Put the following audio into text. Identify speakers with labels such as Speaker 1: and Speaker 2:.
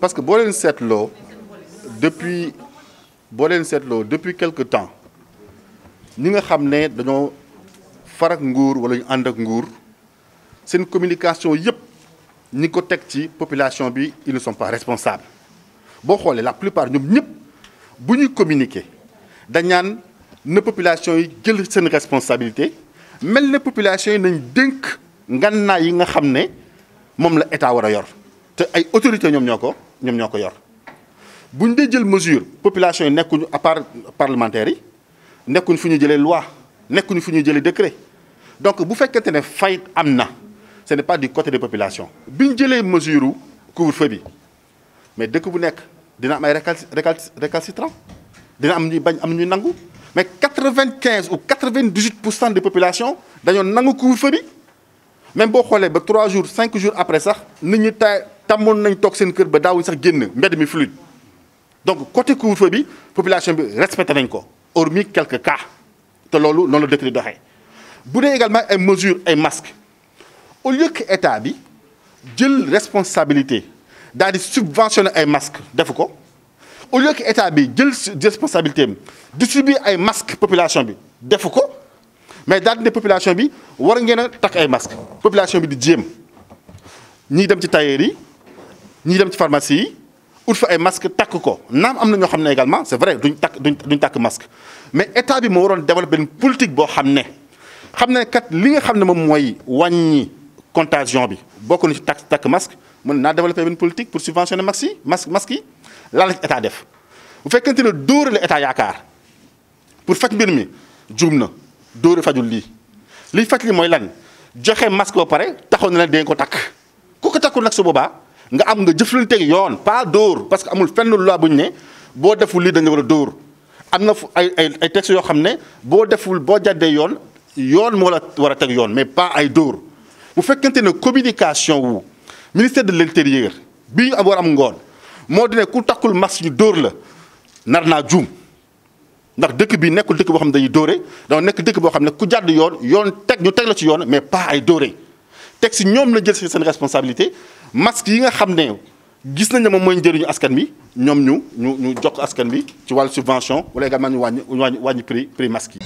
Speaker 1: parce que depuis Bo depuis quelque temps nous nga que farak Ngour wala ñu communication yep. population ils ne sont pas responsables la plupart nous ñëpp bu communiquer dañ une population yi une responsabilité mais les population nañ une te ay autorité ñoom ñoo ko ñoom yor bu dé jël mesure population yi nekkuñu à part parlementaire yi nekkuñu fu ñu loi nekkuñu fuñu jëlé décret donc bu fekkente ne fayit am na ce n'est pas du côté des populations bi jëlé mesure couvre-feu bi mais dëkk bu nekk dina am ay récalcitrant dina am ñuy bañ am ñu nangu mais 95 ou 98% de population dañu nangu couvre-feu bi même boo xoolee ba trois jours 5 jours après sax nit ñi tàmmoon nañ tok seen kër ba daawuñ sax génn mbedd mi fluide donc côté couvre-feu bi population bi respecté nañ ko hormis quelques cas te loolu noonu la dëkk di doxee bu dee également ay mesures ay masques au lieu que état bi jël responsabilité daal di subventionner ay masques defu ko au lieu que état bi jël responsabilité am distribuer ay masques population bi defu ko mais daal ne population bi war ngeen a takk ay masques population bi di jéem ñi dem ci tailleur ni dem ci pharmacie yi fa ay masque tak ko nam am na ñoo xamne également c'est vrai duñ tak duñ tak masque mais état bi mo waroon développer une politique bo xam ne kat li nga xam ne moy mooy contagion bi bokku na ci tak takk masque mën na développer une politique pour subventionner maxi masque masque yi la ci état def bu fekkente ne dóore le état yaakaar pour fac mbir mi djumna na dóore fajul li liy faj li moy lan joxe masque ba pare taxone la dee ko tak ko ko takkul nak su boba nga am nga jëflanteeg yoon pas dóor parce que amul fenn loi bu ñu ne boo deful lii da nga war a dóor am na ay ay ay textes yoo xam ne boo deful boo jàddee yoon yoon moo la war a teg yoon mais pas ay dóor bu fekkente ne communication wu ministère de l' intérieur bi ñu am war am ngoon moo di ne ku takkul masque ñu dóor la nar naa juum ndax dëkk bi nekkul dëkk boo xam ne dañuy dóore donc nekk dëkk boo xam ne ku jàdd yoon yoon teg ñu teg la ci yoon mais pas ay dóore teg ñom la jël ci sen responsabilité masque yi nga xamné gis nañ ne moom mooy askan bi ñom ñu ñu ñu jox askan bi ci wal subvention wala également ñu wañ wàññi prix prix masque